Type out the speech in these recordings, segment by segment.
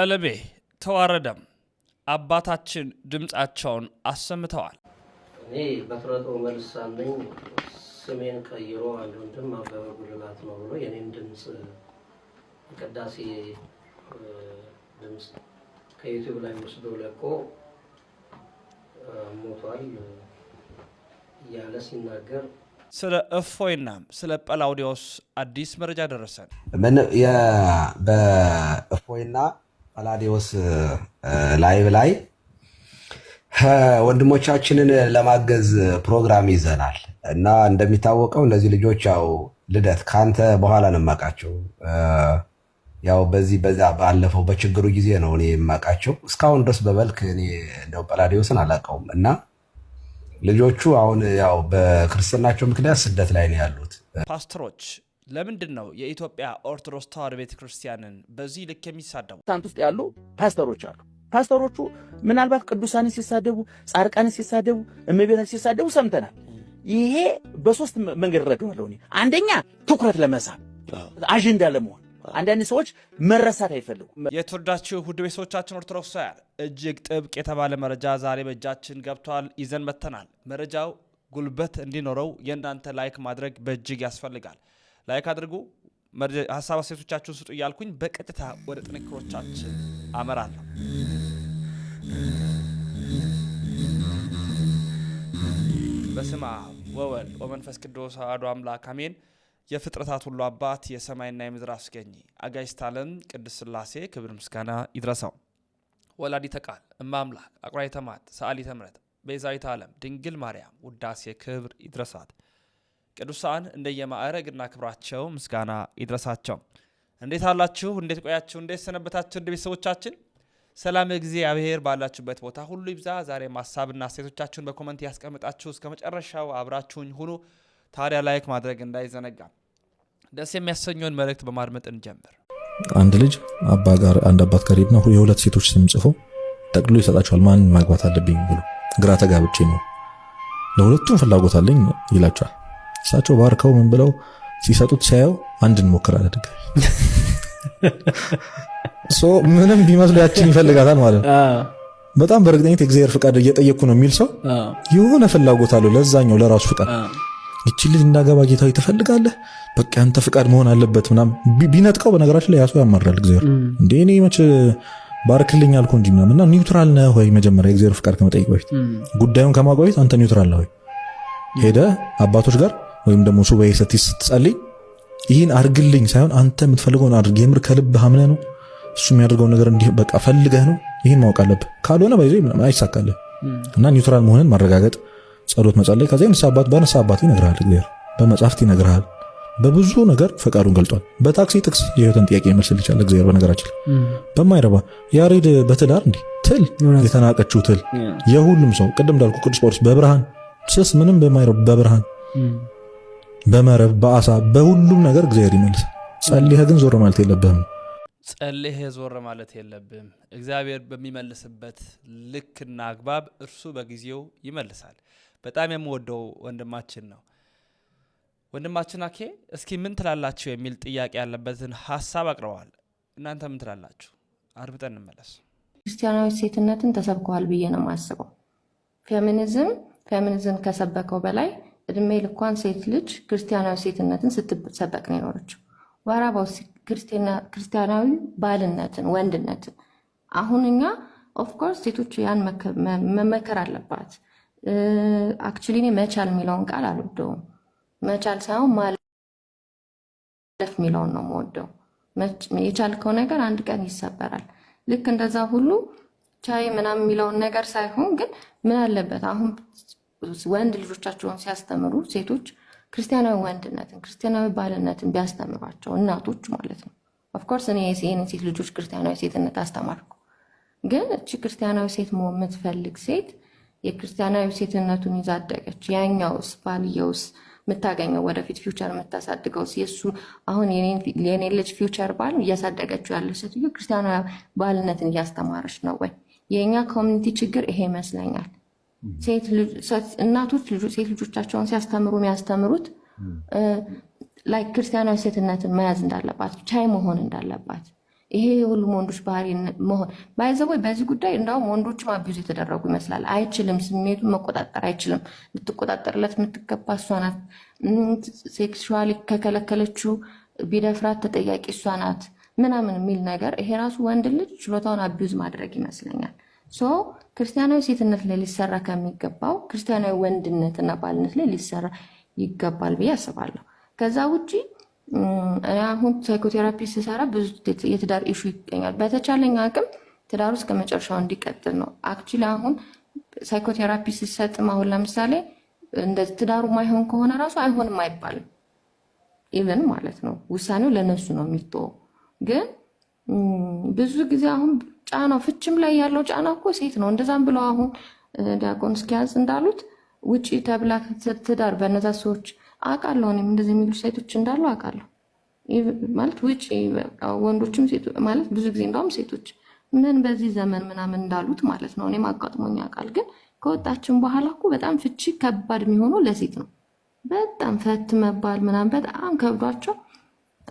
ቀለሜ ተዋረደም አባታችን ድምፃቸውን አሰምተዋል። እኔ በፍረጦ መልሳን ነኝ። ስሜን ቀይሮ አንድ ወንድም አበበ ጉልላት ነው ብሎ የኔን ድምፅ ቅዳሴ ድምፅ ከዩቲዩብ ላይ ወስዶ ለቆ ሞቷል እያለ ሲናገር ስለ እፎይና ስለ ጳላውዲዮስ አዲስ መረጃ ደረሰን። በእፎይና ፓላዲዮስ ላይቭ ላይ ወንድሞቻችንን ለማገዝ ፕሮግራም ይዘናል እና እንደሚታወቀው እነዚህ ልጆች ያው ልደት ከአንተ በኋላ ነው የማውቃቸው። ያው በዚህ በዛ ባለፈው በችግሩ ጊዜ ነው እኔ የማውቃቸው። እስካሁን ድረስ በመልክ እኔ እንደው ጳላዲዮስን አላውቀውም እና ልጆቹ አሁን ያው በክርስትናቸው ምክንያት ስደት ላይ ነው ያሉት ፓስተሮች ለምንድን ነው የኢትዮጵያ ኦርቶዶክስ ተዋሕዶ ቤተ ክርስቲያንን በዚህ ልክ የሚሳደቡ? ታንት ውስጥ ያሉ ፓስተሮች አሉ። ፓስተሮቹ ምናልባት ቅዱሳን ሲሳደቡ፣ ጻድቃንን ሲሳደቡ፣ እመቤታን ሲሳደቡ ሰምተናል። ይሄ በሶስት መንገድ እረዳዋለሁ። አንደኛ ትኩረት ለመሳብ አጀንዳ ለመሆን አንዳንድ ሰዎች መረሳት አይፈልጉም። የተወዳችሁ ውድ ቤተሰቦቻችን ኦርቶዶክሳውያን እጅግ ጥብቅ የተባለ መረጃ ዛሬ በእጃችን ገብቷል፣ ይዘን መጥተናል። መረጃው ጉልበት እንዲኖረው የእናንተ ላይክ ማድረግ በእጅግ ያስፈልጋል። ላይክ አድርጉ፣ ሀሳብ አሴቶቻችሁን ስጡ እያልኩኝ በቀጥታ ወደ ጥንክሮቻችን አመራለሁ። በስመ አብ ወወልድ ወመንፈስ ቅዱስ አሐዱ አምላክ አሜን። የፍጥረታት ሁሉ አባት የሰማይና የምድር አስገኝ አጋዕዝተ ዓለም ቅድስት ሥላሴ ክብር ምስጋና ይድረሰው። ወላዲተ ቃል እመ አምላክ አቁራይተ ማት ሰአሊተ ምሕረት ቤዛዊተ ዓለም ድንግል ማርያም ውዳሴ ክብር ይድረሳት። ቅዱሳን እንደየማዕረግና ክብራቸው ምስጋና ይድረሳቸው። እንዴት አላችሁ? እንዴት ቆያችሁ? እንዴት ሰነበታችሁ? እንደ ቤተሰቦቻችን ሰላም እግዚአብሔር ባላችሁበት ቦታ ሁሉ ይብዛ። ዛሬ ሀሳብና ሴቶቻችሁን በኮመንት ያስቀምጣችሁ እስከ መጨረሻው አብራችሁኝ ሁኑ። ታዲያ ላይክ ማድረግ እንዳይዘነጋ። ደስ የሚያሰኘውን መልእክት በማድመጥ እንጀምር። አንድ ልጅ አባ ጋር አንድ አባት ጋር ሄድና የሁለት ሴቶች ስም ጽፎ ጠቅሎ ይሰጣቸዋል። ማን ማግባት አለብኝ ብሎ ግራ ተጋብቼ ነው ለሁለቱም ፍላጎት አለኝ ይላቸዋል። እሳቸው ባርከው ምን ብለው ሲሰጡት ሲያየው አንድ እንሞክራለን ድጋሚ ምንም ቢመስሉ ያችን ይፈልጋታል ማለት ነው። በጣም በእርግጠኝት የእግዚአብሔር ፍቃድ እየጠየቅኩ ነው የሚል ሰው የሆነ ፍላጎት አለው ለዛኛው ለራሱ ፍቃድ ይቺ ልጅ እንዳገባ ጌታዊ ትፈልጋለህ፣ በቃ ያንተ ፍቃድ መሆን አለበት ምናምን ቢነጥቀው፣ በነገራችን ላይ ያሱ ያማራል። እግዚአብሔር እንደ እኔ መች ባርክልኝ አልኩ እንጂ ምናምን እና ኒውትራል ነህ ወይ መጀመሪያ የእግዚአብሔር ፍቃድ ከመጠየቅ በፊት ጉዳዩን ከማቆየት አንተ ኒውትራል ነህ ወይ ሄደህ አባቶች ጋር ወይም ደግሞ ሱባኤ ሰቲ ስትጸልይ ይህን አድርግልኝ ሳይሆን አንተ የምትፈልገውን አድርግ። የምር ከልብ ሀምነ ነው እሱ የሚያደርገውን ነገር እንዲህ በቃ ፈልገህ ነው። ይህን ማወቅ አለብህ። ካልሆነ ባይዞ አይሳካልህ እና ኒውትራል መሆንን ማረጋገጥ፣ ጸሎት መጸለይ። ከዚ ንስሐ አባት በንስሐ አባት ይነግርሃል፣ እግዚአብሔር ይነግርሃል። በብዙ ነገር ፈቃዱን ገልጧል። በታክሲ ጥቅስ የህይወትን ጥያቄ ይመልስል ይቻላል እግዚአብሔር በነገራችን በማይረባ ያሬድ በትዳር እንዲህ ትል የተናቀችው ትል የሁሉም ሰው ቅድም እንዳልኩ ቅዱስ ጳውሎስ በብርሃን ስስ ምንም በማይረባ በብርሃን በመረብ በአሳ በሁሉም ነገር እግዚአብሔር ይመልስ። ጸልየህ ግን ዞር ማለት የለብህም። ጸልየህ ዞር ማለት የለብህም። እግዚአብሔር በሚመልስበት ልክና አግባብ እርሱ በጊዜው ይመልሳል። በጣም የምወደው ወንድማችን ነው። ወንድማችን አኬ እስኪ ምን ትላላችሁ የሚል ጥያቄ ያለበትን ሀሳብ አቅርበዋል። እናንተ ምን ትላላችሁ? አድምጠን እንመለስ። ክርስቲያናዊ ሴትነትን ተሰብከዋል ብዬ ነው የማስበው። ፌሚኒዝም ፌሚኒዝም ከሰበከው በላይ እድሜ ልኳን ሴት ልጅ ክርስቲያናዊ ሴትነትን ስትሰበቅ ነው የኖረችው። ወራባው ክርስቲያናዊ ባልነትን፣ ወንድነትን አሁን እኛ ኦፍኮርስ ሴቶች ያን መመከር አለባት። አክቹሊ እኔ መቻል የሚለውን ቃል አልወደውም። መቻል ሳይሆን ማለፍ የሚለውን ነው የምወደው። የቻልከው ነገር አንድ ቀን ይሰበራል። ልክ እንደዛ ሁሉ ቻይ ምናምን የሚለውን ነገር ሳይሆን ግን ምን አለበት አሁን ወንድ ልጆቻቸውን ሲያስተምሩ ሴቶች ክርስቲያናዊ ወንድነትን ክርስቲያናዊ ባልነትን ቢያስተምሯቸው እናቶች ማለት ነው። ኦፍኮርስ እኔ ይህንን ሴት ልጆች ክርስቲያናዊ ሴትነት አስተማርኩ። ግን እቺ ክርስቲያናዊ ሴት መሆን የምትፈልግ ሴት የክርስቲያናዊ ሴትነቱን ይዛ አደገች። ያኛውስ ባልየውስ የምታገኘው ወደፊት ፊውቸር የምታሳድገው የእሱ አሁን የኔ ልጅ ፊውቸር ባል እያሳደገችው ያለ ሴትዮ ክርስቲያናዊ ባልነትን እያስተማረች ነው ወይ? የእኛ ኮሚኒቲ ችግር ይሄ ይመስለኛል። እናቶች ሴት ልጆቻቸውን ሲያስተምሩ የሚያስተምሩት ክርስቲያናዊ ሴትነትን መያዝ እንዳለባት ቻይ መሆን እንዳለባት ይሄ የሁሉም ወንዶች ባህሪ መሆን ባይዘቦይ በዚህ ጉዳይ እንዳውም ወንዶችም አቢዙ የተደረጉ ይመስላል። አይችልም፣ ስሜቱን መቆጣጠር አይችልም። ልትቆጣጠርለት የምትገባ እሷ ናት። ሴክሹዋሊ ከከለከለችው ቢደፍራት ተጠያቂ እሷ ናት ምናምን የሚል ነገር ይሄ ራሱ ወንድ ልጅ ችሎታውን አቢዩዝ ማድረግ ይመስለኛል። ክርስቲያናዊ ሴትነት ላይ ሊሰራ ከሚገባው ክርስቲያናዊ ወንድነትና ባልነት ላይ ሊሰራ ይገባል ብዬ አስባለሁ። ከዛ ውጭ አሁን ሳይኮቴራፒ ስሰራ ብዙ የትዳር ኢሹ ይገኛል። በተቻለኝ አቅም ትዳር ውስጥ ከመጨረሻው እንዲቀጥል ነው። አክቹዋሊ አሁን ሳይኮቴራፒ ሲሰጥም አሁን ለምሳሌ እንደ ትዳሩ ማይሆን ከሆነ ራሱ አይሆንም አይባልም። ኢቨን ማለት ነው ውሳኔው ለነሱ ነው የሚተወው ግን ብዙ ጊዜ አሁን ጫናው ፍችም ላይ ያለው ጫና እኮ ሴት ነው። እንደዛም ብለው አሁን ዲያቆን እስኪያዝ እንዳሉት ውጪ ተብላ ትዳር በነዛ ሰዎች አውቃለሁ። እኔም እንደዚህ የሚሉ ሴቶች እንዳሉ አውቃለሁ። ማለት ውጪ ወንዶችም ማለት ብዙ ጊዜ እንደውም ሴቶች ምን በዚህ ዘመን ምናምን እንዳሉት ማለት ነው። እኔም አጋጥሞኝ አውቃል። ግን ከወጣችን በኋላ እኮ በጣም ፍቺ ከባድ የሚሆነው ለሴት ነው። በጣም ፈት መባል ምናምን በጣም ከብዷቸው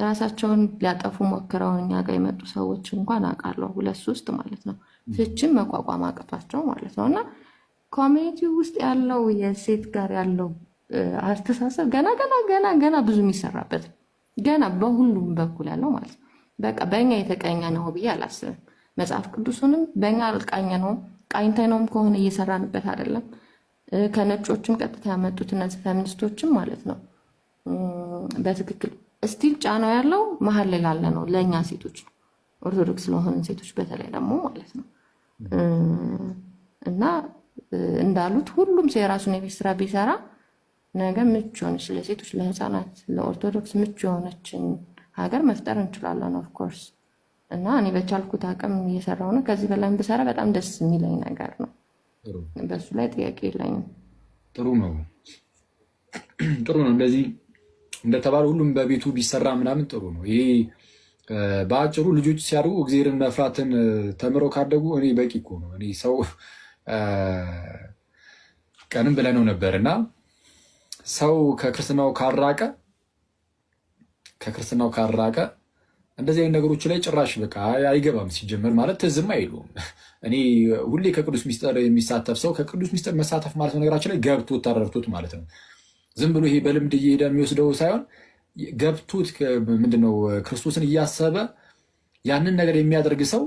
ራሳቸውን ሊያጠፉ ሞክረው እኛ ጋር የመጡ ሰዎች እንኳን አውቃለሁ፣ ሁለት ሶስት ማለት ነው። ፍቺን መቋቋም አቅቷቸው ማለት ነው። እና ኮሚኒቲ ውስጥ ያለው የሴት ጋር ያለው አስተሳሰብ ገና ገና ገና ገና ብዙ የሚሰራበት ገና በሁሉም በኩል ያለው ማለት ነው። በቃ በእኛ የተቀኘ ነው ብዬ አላስብም። መጽሐፍ ቅዱሱንም በእኛ አልቃኘ ነው ቃኝተነውም ከሆነ እየሰራንበት አይደለም። ከነጮችም ቀጥታ ያመጡት እነዚህ ፌሚኒስቶችም ማለት ነው በትክክል ስቲል ጫናው ያለው መሀል ላይ ላለ ነው፣ ለእኛ ሴቶች ነው፣ ኦርቶዶክስ ለሆንን ሴቶች በተለይ ደግሞ ማለት ነው። እና እንዳሉት ሁሉም ሰው የራሱን የቤት ስራ ቢሰራ ነገ ምቹ የሆነች ለሴቶች፣ ለህፃናት፣ ለኦርቶዶክስ ምቹ የሆነችን ሀገር መፍጠር እንችላለን። ኦፍኮርስ እና እኔ በቻልኩት አቅም እየሰራው ነው። ከዚህ በላይም ብሰራ በጣም ደስ የሚለኝ ነገር ነው። በሱ ላይ ጥያቄ የለኝም። ጥሩ ነው፣ ጥሩ ነው እንደዚህ እንደተባለ ሁሉም በቤቱ ቢሰራ ምናምን ጥሩ ነው። ይሄ በአጭሩ ልጆች ሲያድጉ እግዚአብሔርን መፍራትን ተምረው ካደጉ እኔ በቂ እኮ ነው። እኔ ሰው ቀንም ነው ነበር እና ሰው ከክርስትናው ካራቀ ከክርስትናው ካራቀ እንደዚህ አይነት ነገሮች ላይ ጭራሽ በቃ አይገባም። ሲጀመር ማለት ትዝም አይሉም። እኔ ሁሌ ከቅዱስ ሚስጥር የሚሳተፍ ሰው ከቅዱስ ሚስጥር መሳተፍ ማለት ነገራችን ላይ ገብቶት ተረድቶት ማለት ነው ዝም ብሎ ይሄ በልምድ እየሄደ የሚወስደው ሳይሆን ገብቶት ምንድነው ክርስቶስን እያሰበ ያንን ነገር የሚያደርግ ሰው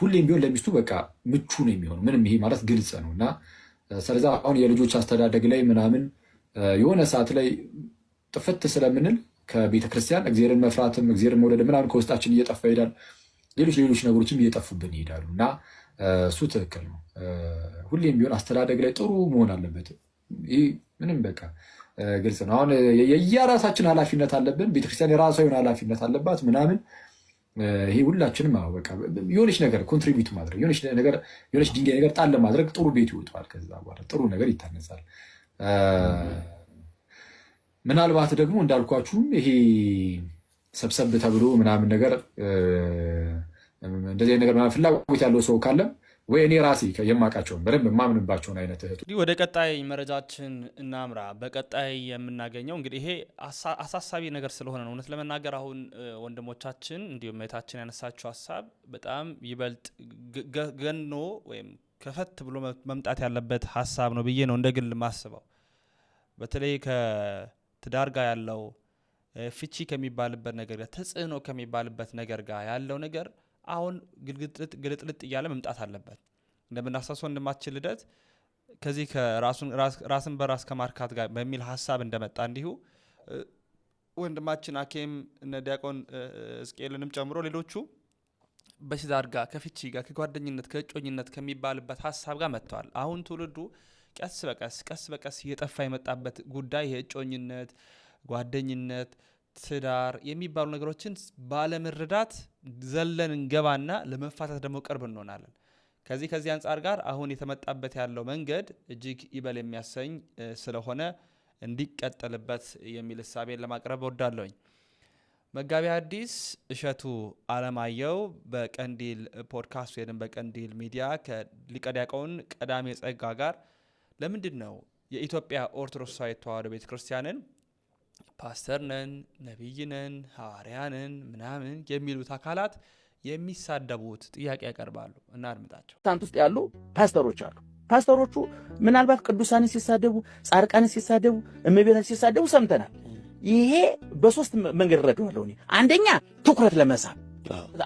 ሁሌም ቢሆን ለሚስቱ በቃ ምቹ ነው የሚሆነው። ምንም ይሄ ማለት ግልጽ ነው እና ስለዚ አሁን የልጆች አስተዳደግ ላይ ምናምን የሆነ ሰዓት ላይ ጥፍት ስለምንል ከቤተ ክርስቲያን እግዚአብሔርን መፍራትም እግዚአብሔርን መውደድ ምናምን ከውስጣችን እየጠፋ ይሄዳል። ሌሎች ሌሎች ነገሮችም እየጠፉብን ይሄዳሉ እና እሱ ትክክል ነው። ሁሌም ቢሆን አስተዳደግ ላይ ጥሩ መሆን አለበት። ይህ ምንም በቃ ግልጽ ነው። አሁን የየራሳችን ኃላፊነት አለብን። ቤተክርስቲያን የራሷ የሆነ ኃላፊነት አለባት ምናምን ይሄ ሁላችንም በቃ የሆነች ነገር ኮንትሪቢዩት ማድረግ የሆነች ድንጋይ ነገር ጣል ለማድረግ ጥሩ ቤት ይወጣል። ከዛ በኋላ ጥሩ ነገር ይታነጻል። ምናልባት ደግሞ እንዳልኳችሁም ይሄ ሰብሰብ ተብሎ ምናምን ነገር እንደዚህ ነገር ፍላጎት ያለው ሰው ካለም ወይ እኔ ራሴ የማውቃቸውን በደንብ የማምንባቸውን አይነት እህቱ። ወደ ቀጣይ መረጃችን እናምራ። በቀጣይ የምናገኘው እንግዲህ ይሄ አሳሳቢ ነገር ስለሆነ ነው። እውነት ለመናገር አሁን ወንድሞቻችን እንዲሁም እህታችን ያነሳችው ሀሳብ በጣም ይበልጥ ገኖ ወይም ከፈት ብሎ መምጣት ያለበት ሀሳብ ነው ብዬ ነው እንደ ግል ማስበው። በተለይ ከትዳር ጋር ያለው ፍቺ ከሚባልበት ነገር ጋር ተጽዕኖ ከሚባልበት ነገር ጋር ያለው ነገር አሁን ግልጥልጥ እያለ መምጣት አለበት። እንደምናሳስበው ወንድማችን ልደት ከዚህ ራስን በራስ ከማርካት ጋር በሚል ሀሳብ እንደመጣ እንዲሁ ወንድማችን አኬም እነ ዲያቆን እስቄልንም ጨምሮ ሌሎቹ በሲዛር ጋር ከፍቺ ጋር ከጓደኝነት ከእጮኝነት ከሚባልበት ሀሳብ ጋር መጥተዋል። አሁን ትውልዱ ቀስ በቀስ ቀስ በቀስ እየጠፋ የመጣበት ጉዳይ የእጮኝነት ጓደኝነት፣ ትዳር የሚባሉ ነገሮችን ባለመረዳት ዘለን እንገባና ለመፋታት ደግሞ ቅርብ እንሆናለን። ከዚህ ከዚህ አንጻር ጋር አሁን የተመጣበት ያለው መንገድ እጅግ ይበል የሚያሰኝ ስለሆነ እንዲቀጠልበት የሚል እሳቤን ለማቅረብ እወዳለሁኝ። መጋቢ አዲስ እሸቱ አለማየሁ በቀንዲል ፖድካስት ወይም በቀንዲል ሚዲያ ከሊቀ ዲያቆን ቀዳሜ ጸጋ ጋር ለምንድን ነው የኢትዮጵያ ኦርቶዶክስ ተዋሕዶ ቤተ ክርስቲያንን ፓስተር ነን፣ ነቢይ ነን፣ ሐዋርያ ነን ምናምን የሚሉት አካላት የሚሳደቡት ጥያቄ ያቀርባሉ። አድምጣቸው። ታንት ውስጥ ያሉ ፓስተሮች አሉ። ፓስተሮቹ ምናልባት ቅዱሳንን ሲሳደቡ፣ ጻድቃንን ሲሳደቡ፣ እመቤታችን ሲሳደቡ ሰምተናል። ይሄ በሶስት መንገድ እረዳዋለሁ አንደኛ ትኩረት ለመሳብ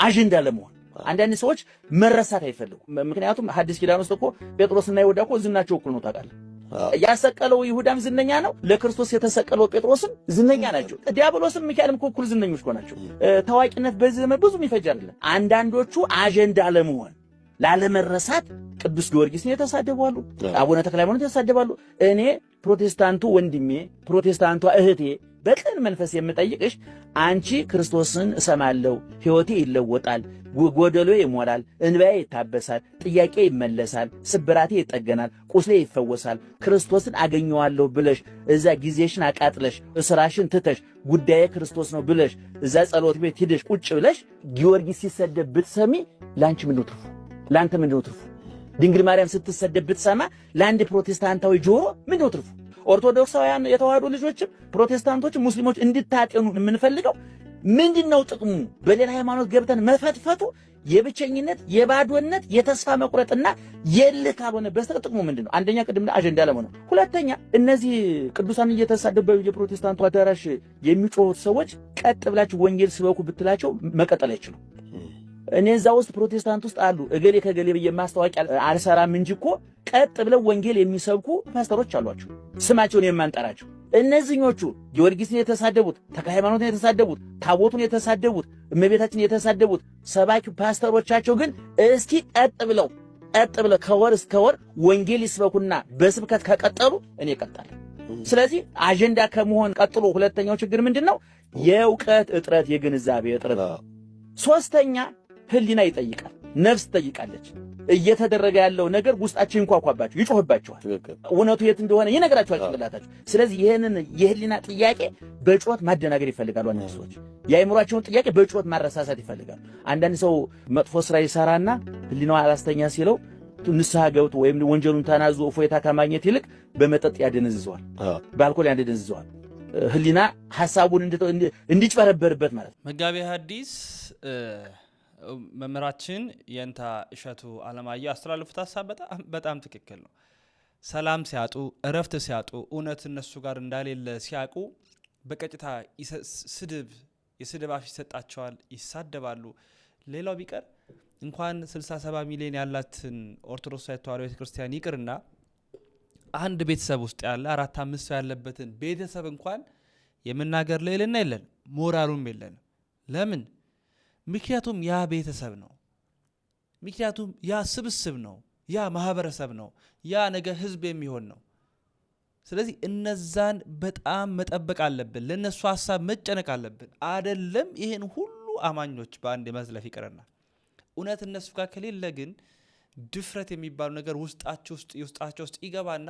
አጀንዳ ለመሆን አንዳንድ ሰዎች መረሳት አይፈልጉ ምክንያቱም ሐዲስ ኪዳን ውስጥ እኮ ጴጥሮስና ይሁዳ እኮ ዝናቸው እኩል ነው ታውቃለህ ያሰቀለው ይሁዳም ዝነኛ ነው። ለክርስቶስ የተሰቀለው ጴጥሮስም ዝነኛ ናቸው። ዲያብሎስም ሚካኤልም እኮ እኩል ዝነኞች እኮ ናቸው። ታዋቂነት በዚህ ዘመን ብዙም ይፈጅ አይደለም። አንዳንዶቹ አጀንዳ ለመሆን ላለመረሳት ቅዱስ ጊዮርጊስን የተሳደባሉ፣ አቡነ ተክለ ሃይማኖት የተሳደባሉ። እኔ ፕሮቴስታንቱ ወንድሜ ፕሮቴስታንቷ እህቴ በቅን መንፈስ የምጠይቅሽ አንቺ ክርስቶስን እሰማለሁ፣ ሕይወቴ ይለወጣል፣ ጎደሎ ይሞላል፣ እንባዬ ይታበሳል፣ ጥያቄ ይመለሳል፣ ስብራቴ ይጠገናል፣ ቁስሌ ይፈወሳል፣ ክርስቶስን አገኘዋለሁ ብለሽ እዛ ጊዜሽን አቃጥለሽ እስራሽን ትተሽ ጉዳዬ ክርስቶስ ነው ብለሽ እዛ ጸሎት ቤት ሂደሽ ቁጭ ብለሽ ጊዮርጊስ ሲሰደብ ብትሰሚ ለአንቺ ምነው ትርፉ? ለአንተ ምነው ትርፉ? ድንግል ማርያም ስትሰደብ ብትሰማ ለአንድ ፕሮቴስታንታዊ ጆሮ ምነው ትርፉ? ኦርቶዶክሳውያን የተዋህዶ ልጆችም ፕሮቴስታንቶችም ሙስሊሞች እንድታጤኑ የምንፈልገው ምንድን ነው ጥቅሙ? በሌላ ሃይማኖት ገብተን መፈትፈቱ የብቸኝነት የባዶነት የተስፋ መቁረጥና የልህ ካልሆነ በስተቀር ጥቅሙ ምንድን ነው? አንደኛ ቅድም አጀንዳ ለመሆነ፣ ሁለተኛ እነዚህ ቅዱሳን እየተሳደቡ የፕሮቴስታንቱ አዳራሽ የሚጮሁት ሰዎች ቀጥ ብላችሁ ወንጌል ስበኩ ብትላቸው መቀጠል አይችሉም። እኔ እዛ ውስጥ ፕሮቴስታንት ውስጥ አሉ። እገሌ ከገሌ ብዬ ማስታወቂያ አልሰራም እንጂ እኮ ቀጥ ብለው ወንጌል የሚሰብኩ ፓስተሮች አሏቸው፣ ስማቸውን የማንጠራቸው እነዚህኞቹ ጊዮርጊስን የተሳደቡት፣ ተክለሃይማኖትን የተሳደቡት፣ ታቦቱን የተሳደቡት፣ እመቤታችን የተሳደቡት ሰባኪ ፓስተሮቻቸው ግን እስኪ ቀጥ ብለው ቀጥ ብለው ከወር እስከ ወር ወንጌል ይስበኩና በስብከት ከቀጠሉ እኔ ቀጣል። ስለዚህ አጀንዳ ከመሆን ቀጥሎ ሁለተኛው ችግር ምንድን ነው? የእውቀት እጥረት፣ የግንዛቤ እጥረት። ሶስተኛ ህሊና ይጠይቃል፣ ነፍስ ትጠይቃለች። እየተደረገ ያለው ነገር ውስጣችን ይንኳኳባቸው ይጮህባችኋል። እውነቱ የት እንደሆነ ይነግራችኋል ጭንቅላታችሁ። ስለዚህ ይህንን የህሊና ጥያቄ በጩኸት ማደናገር ይፈልጋሉ። አንዳንድ ሰዎች የአእምሯቸውን ጥያቄ በጩኸት ማረሳሳት ይፈልጋሉ። አንዳንድ ሰው መጥፎ ስራ ይሰራና ህሊናው አላስተኛ ሲለው ንስሐ ገብቶ ወይም ወንጀሉን ተናዞ እፎይታ ከማግኘት ይልቅ በመጠጥ ያደነዝዘዋል፣ በአልኮል ያደነዝዘዋል። ህሊና ሀሳቡን እንዲጭበረበርበት ማለት ነው። መጋቤ ሐዲስ መምህራችን የእንታ እሸቱ አለማየሁ አስተላልፉት ሀሳብ በጣም ትክክል ነው። ሰላም ሲያጡ እረፍት ሲያጡ እውነት እነሱ ጋር እንዳሌለ ሲያውቁ በቀጥታ ስድብ የስድብ አፍ ይሰጣቸዋል፣ ይሳደባሉ። ሌላው ቢቀር እንኳን 67 ሚሊዮን ያላትን ኦርቶዶክስ ተዋሕዶ ቤተ ክርስቲያን ይቅርና አንድ ቤተሰብ ውስጥ ያለ አራት አምስት ሰው ያለበትን ቤተሰብ እንኳን የመናገር ልዕልና የለን ሞራሉም የለንም። ለምን ምክንያቱም ያ ቤተሰብ ነው። ምክንያቱም ያ ስብስብ ነው። ያ ማህበረሰብ ነው። ያ ነገ ህዝብ የሚሆን ነው። ስለዚህ እነዛን በጣም መጠበቅ አለብን። ለእነሱ ሀሳብ መጨነቅ አለብን። አደለም ይህን ሁሉ አማኞች በአንድ መዝለፍ ይቅርና እውነት እነሱ ጋር ከሌለ ግን ድፍረት የሚባሉ ነገር ውስጣቸው ውስጥ ይገባና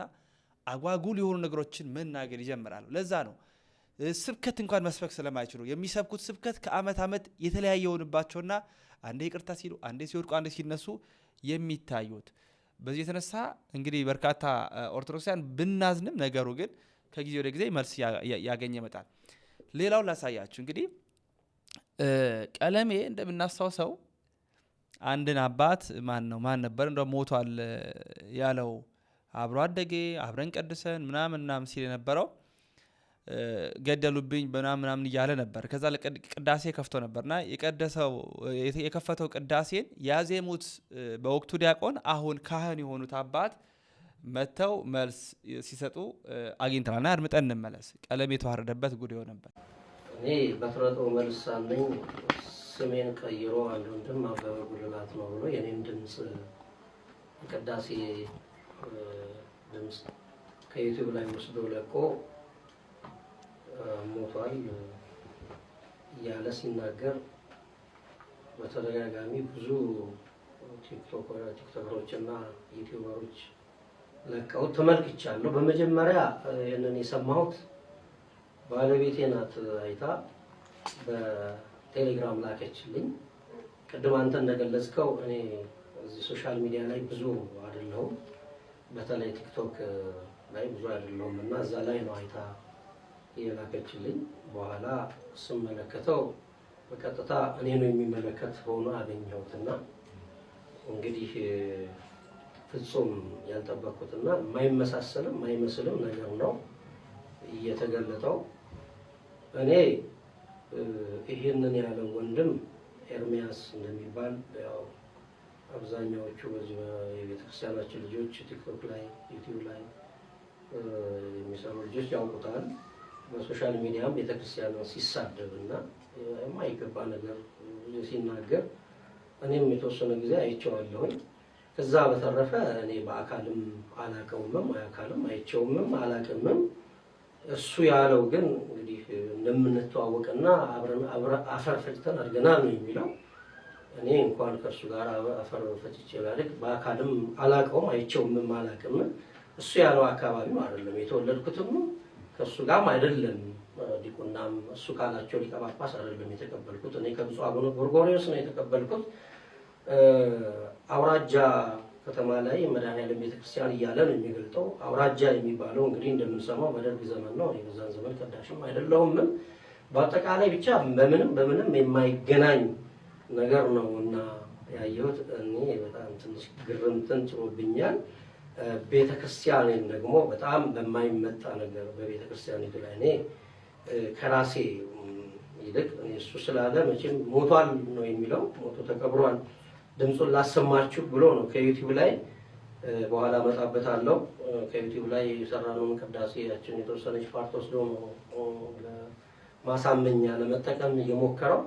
አጓጉል የሆኑ ነገሮችን መናገር ይጀምራሉ። ለዛ ነው ስብከት እንኳን መስበክ ስለማይችሉ የሚሰብኩት ስብከት ከዓመት ዓመት የተለያየ የሆንባቸውና አንዴ ይቅርታ ሲሉ አንዴ ሲወድቁ አንዴ ሲነሱ የሚታዩት በዚህ የተነሳ እንግዲህ በርካታ ኦርቶዶክሳውያን ብናዝንም ነገሩ ግን ከጊዜ ወደ ጊዜ መልስ ያገኘ ይመጣል። ሌላውን ላሳያችሁ። እንግዲህ ቀለሜ እንደምናስታውሰው አንድን አባት ማን ነው ማን ነበር እንደ ሞቷል ያለው አብሮ አደጌ አብረን ቀድሰን ምናምን ምናምን ሲል የነበረው ገደሉብኝ ምናምን ምናምን እያለ ነበር። ከዛ ቅዳሴ ከፍቶ ነበርና የከፈተው ቅዳሴን ያዜሙት በወቅቱ ዲያቆን አሁን ካህን የሆኑት አባት መጥተው መልስ ሲሰጡ አግኝተናልና አድምጠን እንመለስ። ቀለም የተዋረደበት ጉድ ነበር። እኔ በፍረጦ መልስ አለኝ። ስሜን ቀይሮ አንድ ወንድም አበበ ጉልላት ነው ብሎ የኔም ድምፅ ቅዳሴ ድምፅ ከዩቲዩብ ላይ ወስዶ ለቆ ሞቷል እያለ ሲናገር በተደጋጋሚ ብዙ ቲክቶከሮች እና ዩቲዩበሮች ለቀውት ተመልክቻለሁ። በመጀመሪያ ይህንን የሰማሁት ባለቤቴ ናት አይታ በቴሌግራም ላከችልኝ። ቅድም አንተ እንደገለጽከው እኔ እዚህ ሶሻል ሚዲያ ላይ ብዙ አይደለሁም፣ በተለይ ቲክቶክ ላይ ብዙ አይደለሁም እና እዛ ላይ ነው አይታ የላከችልኝ። በኋላ ስመለከተው በቀጥታ እኔ ነው የሚመለከት ሆኖ አገኘሁትና እንግዲህ ፍጹም ያልጠበቅኩትና የማይመሳሰልም የማይመስልም ነገር ነው እየተገለጠው። እኔ ይህንን ያለው ወንድም ኤርሚያስ እንደሚባል ያው አብዛኛዎቹ በዚህ የቤተክርስቲያናችን ልጆች ቲክቶክ ላይ ዩቲዩብ ላይ የሚሰሩ ልጆች ያውቁታል። በሶሻል ሚዲያም ሲሳደብ ሲሳደብና የማይገባ ነገር ሲናገር እኔም የተወሰነ ጊዜ አይቼዋለሁኝ። ከዛ በተረፈ እኔ በአካልም አላቀውምም አካልም አይቼውምም አላቅምም። እሱ ያለው ግን እንግዲህ እንደምንተዋወቅና አፈር ፈጭተን አድገናል ነው የሚለው። እኔ እንኳን ከእሱ ጋር አፈር ፈጭቼ ባልክ በአካልም አላቀውም አይቼውምም አላቅምም። እሱ ያለው አካባቢ አይደለም የተወለድኩትም ከእሱ ጋርም አይደለም ዲቁናም እሱ ካላቸው ሊቀ ጳጳስ አይደለም የተቀበልኩት። እኔ ከብፁዕ አቡነ ጎርጎሪዎስ ነው የተቀበልኩት። አውራጃ ከተማ ላይ መድኃኔዓለም ቤተክርስቲያን እያለ ነው የሚገልጠው። አውራጃ የሚባለው እንግዲህ እንደምንሰማው በደርግ ዘመን ነው። የዛን ዘመን ቀዳሽም አይደለሁም። በአጠቃላይ ብቻ በምንም በምንም የማይገናኝ ነገር ነው እና ያየሁት እኔ በጣም ትንሽ ግርምትን ጭሮብኛል። ቤተክርስቲያንን ደግሞ በጣም በማይመጣ ነገር በቤተክርስቲያኒቱ ላይ እኔ ከራሴ ይልቅ እሱ ስላለ መቼም ሞቷል ነው የሚለው ሞቶ ተቀብሯል ድምፁን ላሰማችሁ ብሎ ነው ከዩቲዩብ ላይ በኋላ መጣበት አለው። ከዩቲዩብ ላይ የሰራነውን ቅዳሴያችን የተወሰነች ፓርት ወስዶ ነው ማሳመኛ ለመጠቀም እየሞከረው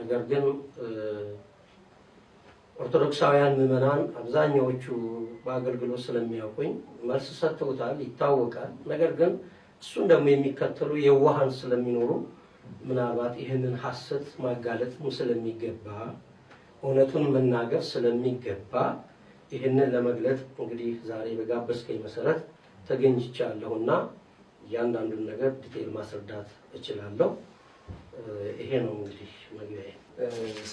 ነገር ግን ኦርቶዶክሳውያን ምዕመናን አብዛኛዎቹ በአገልግሎት ስለሚያውቁኝ መልስ ሰጥተውታል፣ ይታወቃል። ነገር ግን እሱን ደግሞ የሚከተሉ የዋሃን ስለሚኖሩ ምናልባት ይህንን ሀሰት ማጋለጥም ስለሚገባ እውነቱን መናገር ስለሚገባ ይህንን ለመግለጥ እንግዲህ ዛሬ በጋበዝከኝ መሰረት ተገኝቻለሁ እና እያንዳንዱን ነገር ዲቴል ማስረዳት እችላለሁ። ይሄ ነው እንግዲህ መግቢያ።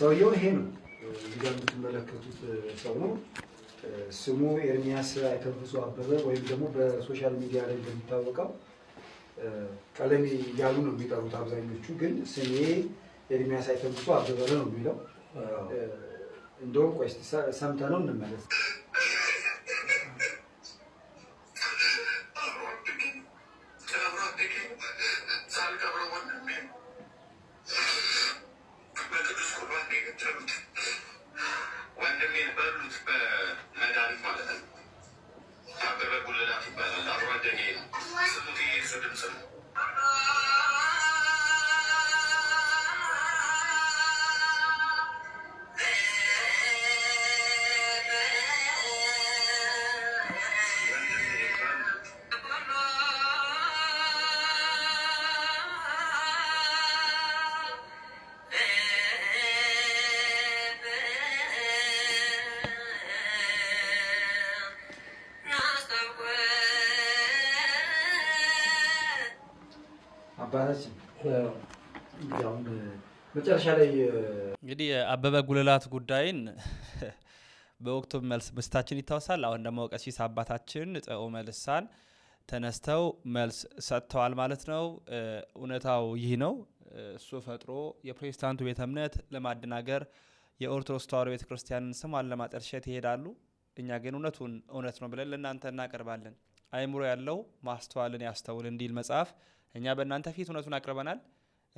ሰውየው ይሄ ነው። እዚጋ የምትመለከቱት ሰው ነው። ስሙ ኤርሚያስ አይተንፍሱ አበበ ወይም ደግሞ በሶሻል ሚዲያ ላይ እንደሚታወቀው ቀለሜ እያሉ ነው የሚጠሩት አብዛኞቹ። ግን ስሜ ኤርሚያስ አይተንፍሱ አበበ ነው የሚለው። እንደውም ቆይ ሰምተነው እንመለስ። እንግዲህ የአበበ ጉልላት ጉዳይን በወቅቱ መልስ ምስታችን ይታወሳል። አሁን ደግሞ ቀሲስ አባታችን ጥዑመ መልሳን ተነስተው መልስ ሰጥተዋል ማለት ነው። እውነታው ይህ ነው። እሱ ፈጥሮ የፕሮቴስታንቱ ቤተ እምነት ለማደናገር የኦርቶዶክስ ተዋሕዶ ቤተ ክርስቲያንን ስሟን ለማጠልሸት ይሄዳሉ። እኛ ግን እውነቱን እውነት ነው ብለን ለእናንተ እናቀርባለን። አይምሮ ያለው ማስተዋልን ያስተውል እንዲል መጽሐፍ እኛ በእናንተ ፊት እውነቱን አቅርበናል።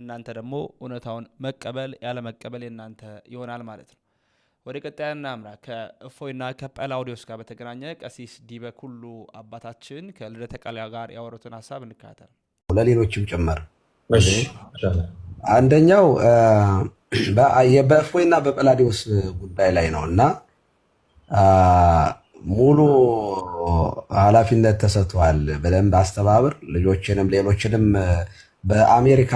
እናንተ ደግሞ እውነታውን መቀበል ያለመቀበል የእናንተ ይሆናል ማለት ነው። ወደ ቀጣይ እናምራ። ከእፎይና ከጰላውዴዎስ ጋር በተገናኘ ቀሲስ ዲበኩሉ አባታችን ከልደተ ቃል ጋር ያወሩትን ሀሳብ እንካተል ለሌሎችም ጭምር አንደኛው በእፎይና በጰላዴዎስ ጉዳይ ላይ ነው እና ሙሉ ኃላፊነት ተሰጥቷል። በደንብ አስተባብር። ልጆችንም ሌሎችንም በአሜሪካ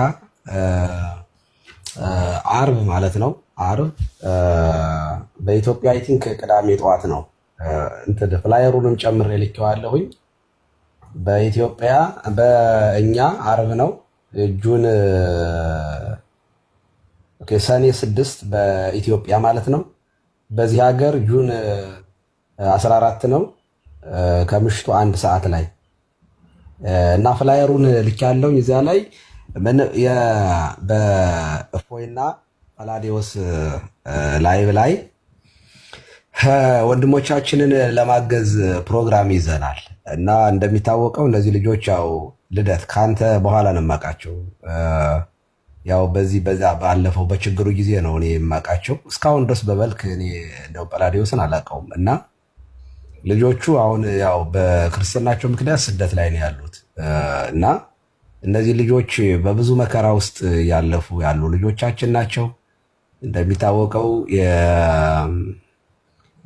አርብ ማለት ነው አርብ በኢትዮጵያ አይ ቲንክ ቅዳሜ ጠዋት ነው እንትን ፍላየሩንም ጨምሬ ልኬዋለሁኝ። በኢትዮጵያ በእኛ አርብ ነው ጁን ሰኔ ስድስት በኢትዮጵያ ማለት ነው። በዚህ ሀገር ጁን 14 ነው ከምሽቱ አንድ ሰዓት ላይ እና ፍላየሩን ልክ ያለው እዚያ ላይ በእፎይና ፓላዲዮስ ላይቭ ላይ ወንድሞቻችንን ለማገዝ ፕሮግራም ይዘናል እና እንደሚታወቀው እነዚህ ልጆች ያው ልደት ከአንተ በኋላ ነው የማውቃቸው። ያው በዚህ በዛ ባለፈው በችግሩ ጊዜ ነው እኔ የማውቃቸው። እስካሁን ድረስ በመልክ እኔ እንደው ጳላዲዮስን አላውቀውም እና ልጆቹ አሁን ያው በክርስትናቸው ምክንያት ስደት ላይ ነው ያሉት እና እነዚህ ልጆች በብዙ መከራ ውስጥ ያለፉ ያሉ ልጆቻችን ናቸው። እንደሚታወቀው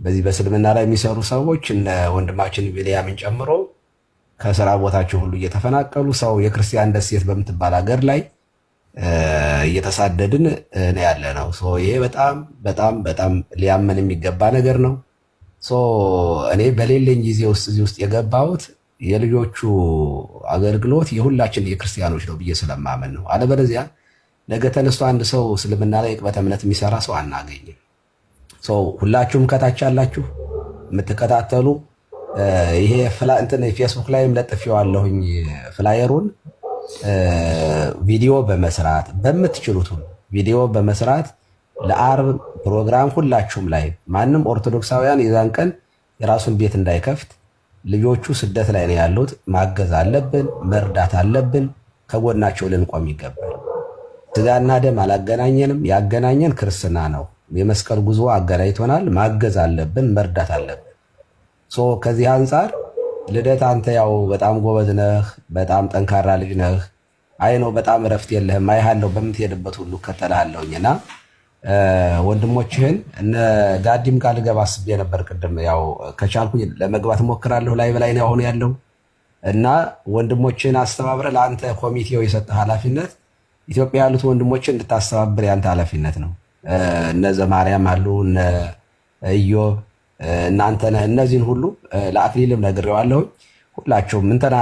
በዚህ በእስልምና ላይ የሚሰሩ ሰዎች እነ ወንድማችን ቢልያምን ጨምሮ ከስራ ቦታቸው ሁሉ እየተፈናቀሉ ሰው የክርስቲያን ደሴት በምትባል ሀገር ላይ እየተሳደድን ነው ያለ ነው። ይሄ በጣም በጣም በጣም ሊያመን የሚገባ ነገር ነው። እኔ በሌለኝ ጊዜ ውስጥ እዚህ ውስጥ የገባሁት የልጆቹ አገልግሎት የሁላችን የክርስቲያኖች ነው ብዬ ስለማመን ነው። አለበለዚያ ነገ ተነስቶ አንድ ሰው እስልምና ላይ ቅበተ እምነት የሚሰራ ሰው አናገኝም። ሁላችሁም ከታች አላችሁ የምትከታተሉ ይሄ እንትን ፌስቡክ ላይም ለጥፌዋለሁኝ ፍላየሩን ቪዲዮ በመስራት በምትችሉት ቪዲዮ በመስራት ለአርብ ፕሮግራም ሁላችሁም ላይ ማንም ኦርቶዶክሳውያን የዛን ቀን የራሱን ቤት እንዳይከፍት ልጆቹ ስደት ላይ ነው ያሉት። ማገዝ አለብን፣ መርዳት አለብን። ከጎናቸው ልንቆም ይገባል። ስጋና ደም አላገናኘንም። ያገናኘን ክርስትና ነው። የመስቀል ጉዞ አገናኝቶናል። ማገዝ አለብን፣ መርዳት አለብን። ከዚህ አንጻር ልደት አንተ ያው በጣም ጎበዝ ነህ፣ በጣም ጠንካራ ልጅ ነህ። አይ ነው በጣም እረፍት የለህም አይሃለሁ፣ በምትሄድበት ሁሉ ከተልሃለሁኝና ወንድሞችህን እነ ዳዲም ጋር ልገባ አስቤ ነበር። ቅድም ያው ከቻልኩ ለመግባት ሞክራለሁ። ላይ በላይ ነው አሁን ያለው እና ወንድሞችህን አስተባብረ ለአንተ ኮሚቴው የሰጠ ኃላፊነት ኢትዮጵያ ያሉት ወንድሞችን እንድታስተባብር ያንተ ኃላፊነት ነው። እነ ዘማርያም አሉ እነ እዮብ እናንተ ነህ። እነዚህን ሁሉ ለአክሊልም ነግሬዋለሁኝ። ሁላችሁም እንትና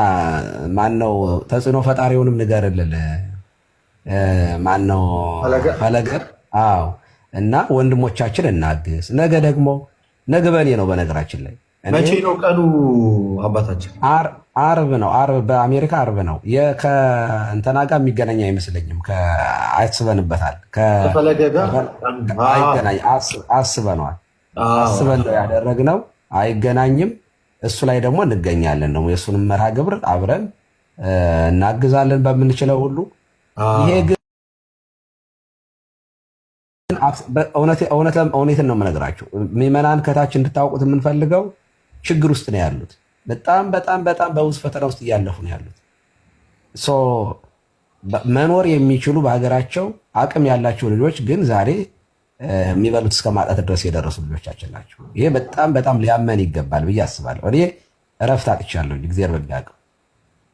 ነው ተጽዕኖ ፈጣሪውንም ማን ነው ፈለገር አዎ። እና ወንድሞቻችን እናግዝ። ነገ ደግሞ ነገ በእኔ ነው። በነገራችን ላይ መቼ ነው ቀኑ አባታችን? አርብ ነው። አርብ በአሜሪካ አርብ ነው። ከእንትና ጋር የሚገናኝ አይመስለኝም። አስበንበታል። አስበነዋል። አስበን ነው ያደረግነው። አይገናኝም። እሱ ላይ ደግሞ እንገኛለን። ደግሞ የእሱንም መርሃ ግብር አብረን እናግዛለን በምንችለው ሁሉ ይሄ እውነትን ነው የምነግራቸው ምዕመናን ከታች እንድታውቁት የምንፈልገው ችግር ውስጥ ነው ያሉት። በጣም በጣም በጣም በውስጥ ፈተና ውስጥ እያለፉ ነው ያሉት። መኖር የሚችሉ በሀገራቸው አቅም ያላቸው ልጆች ግን ዛሬ የሚበሉት እስከ ማጣት ድረስ የደረሱ ልጆቻችን ናቸው። ይሄ በጣም በጣም ሊያመን ይገባል ብዬ አስባለሁ። እኔ እረፍት አጥቻለሁ እግዚአብሔር በሚያውቀው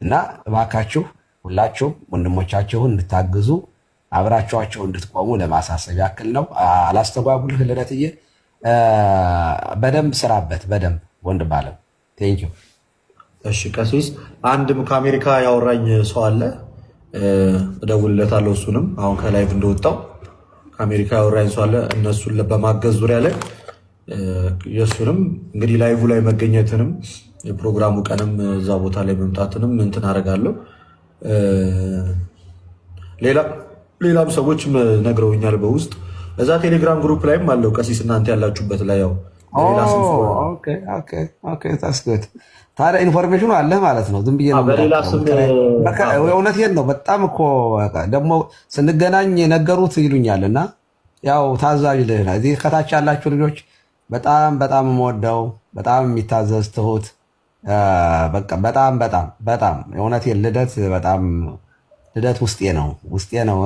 እና እባካችሁ ሁላችሁም ወንድሞቻችሁን እንድታግዙ አብራችኋቸው እንድትቆሙ ለማሳሰብ ያክል ነው። አላስተጓጉልህ ልደትዬ፣ በደንብ ስራበት በደንብ ወንድ ባለም ቴንኪው። እሺ ቀሲስ፣ አንድም ከአሜሪካ ያወራኝ ሰው አለ፣ እደውልለታለሁ። እሱንም አሁን ከላይቭ እንደወጣው ከአሜሪካ ያወራኝ ሰው አለ። እነሱን በማገዝ ዙሪያ ላይ የእሱንም እንግዲህ ላይቭ ላይ መገኘትንም የፕሮግራሙ ቀንም እዛ ቦታ ላይ መምጣትንም እንትን አደርጋለሁ ሌላ ሌላም ሰዎች ነግረውኛል በውስጥ እዛ ቴሌግራም ግሩፕ ላይም አለው ቀሲስ እናንተ ያላችሁበት ላይ ያው ታዲያ ኢንፎርሜሽኑ አለህ ማለት ነው። ዝም ብዬ ነው እውነቴን ነው። በጣም እኮ ደግሞ ስንገናኝ የነገሩት ይሉኛል እና ያው ታዛዥ ልህ እዚህ ከታች ያላችሁ ልጆች በጣም በጣም የምወደው በጣም የሚታዘዝ ትሁት በጣም በጣም በጣም የእውነቴን ልደት በጣም ልደት ውስጤ ነው ውስጤ ነው።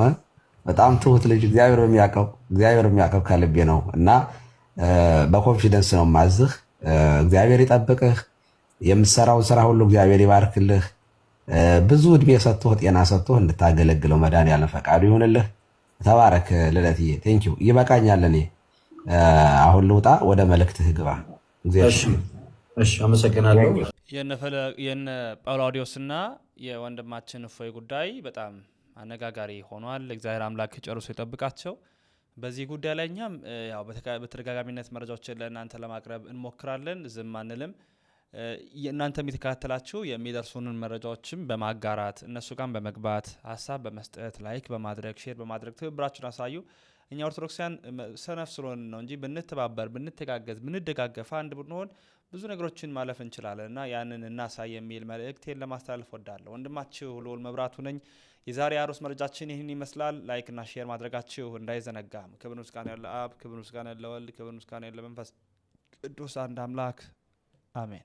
በጣም ትሁት ልጅ እግዚአብሔር በሚያውቀው እግዚአብሔር በሚያውቀው ከልቤ ነው እና በኮንፊደንስ ነው ማዝህ። እግዚአብሔር ይጠብቅህ። የምትሰራውን ስራ ሁሉ እግዚአብሔር ይባርክልህ። ብዙ እድሜ ሰጥቶህ ጤና ሰጥቶህ እንድታገለግለው መድኃኒዓለም ፈቃዱ ይሁንልህ። ተባረክ ልደትዬ፣ ቴንኪው። ይበቃኛል። እኔ አሁን ልውጣ፣ ወደ መልእክትህ ግባ። እሺ አመሰግናለሁ። የነ ጳውላዲዮስና የወንድማችን እፎይ ጉዳይ በጣም አነጋጋሪ ሆኗል። እግዚአብሔር አምላክ ጨርሶ ይጠብቃቸው። በዚህ ጉዳይ ላይ እኛም ያው በተደጋጋሚነት መረጃዎችን ለእናንተ ለማቅረብ እንሞክራለን፣ ዝም አንልም። እናንተ የተከታተላችሁ የሚደርሱንን መረጃዎችም በማጋራት እነሱ ጋር በመግባት ሀሳብ በመስጠት ላይክ በማድረግ ሼር በማድረግ ትብብራችሁን አሳዩ። እኛ ኦርቶዶክሳውያን ሰነፍ ስለሆን ነው እንጂ ብንተባበር፣ ብንተጋገዝ፣ ብንደጋገፍ አንድ ብንሆን ብዙ ነገሮችን ማለፍ እንችላለን እና ያንን እናሳይ የሚል መልእክቴን ለማስተላለፍ ወዳለሁ። ወንድማችሁ ልዑል መብራቱ ነኝ። የዛሬ አሮስ መረጃችን ይህን ይመስላል። ላይክና ሼር ማድረጋችሁ እንዳይዘነጋም። ክብር ምስጋና ለአብ፣ ክብር ምስጋና ለወልድ፣ ክብር ምስጋና ለመንፈስ ቅዱስ አንድ አምላክ አሜን።